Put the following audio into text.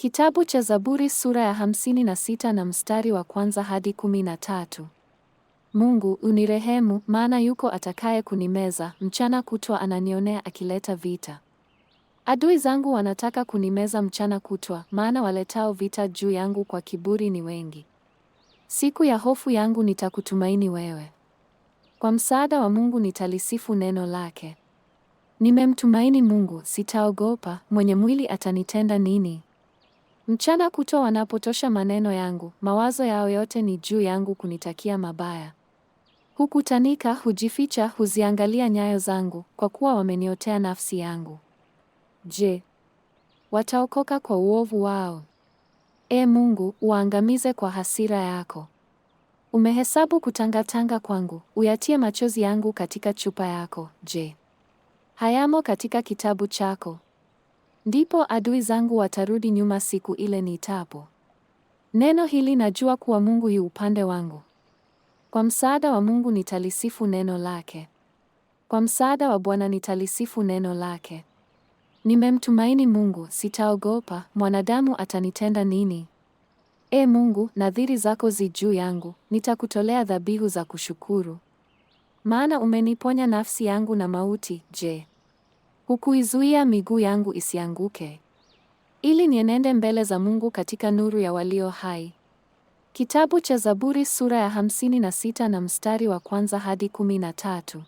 Kitabu cha Zaburi sura ya hamsini na sita na mstari wa kwanza hadi kumi na tatu. Mungu unirehemu, maana yuko atakaye kunimeza, mchana kutwa ananionea akileta vita. Adui zangu wanataka kunimeza mchana kutwa, maana waletao vita juu yangu kwa kiburi ni wengi. Siku ya hofu yangu nitakutumaini wewe. Kwa msaada wa Mungu nitalisifu neno lake. Nimemtumaini Mungu, sitaogopa, mwenye mwili atanitenda nini? Mchana kutwa wanapotosha maneno yangu, mawazo yao yote ni juu yangu kunitakia mabaya. Hukutanika, hujificha, huziangalia nyayo zangu, kwa kuwa wameniotea nafsi yangu. Je, wataokoka kwa uovu wao? e Mungu, uangamize kwa hasira yako. Umehesabu kutangatanga kwangu, uyatie machozi yangu katika chupa yako. Je, hayamo katika kitabu chako? ndipo adui zangu watarudi nyuma siku ile niitapo. Neno hili najua kuwa Mungu yu upande wangu. Kwa msaada wa Mungu nitalisifu neno lake. Kwa msaada wa Bwana nitalisifu neno lake. Nimemtumaini Mungu, sitaogopa mwanadamu atanitenda nini. E Mungu, nadhiri zako zi juu yangu, nitakutolea dhabihu za kushukuru. Maana umeniponya nafsi yangu na mauti, je, Hukuizuia miguu yangu isianguke, ili nienende mbele za Mungu katika nuru ya walio hai. Kitabu cha Zaburi sura ya 56 na na mstari wa kwanza hadi kumi na tatu.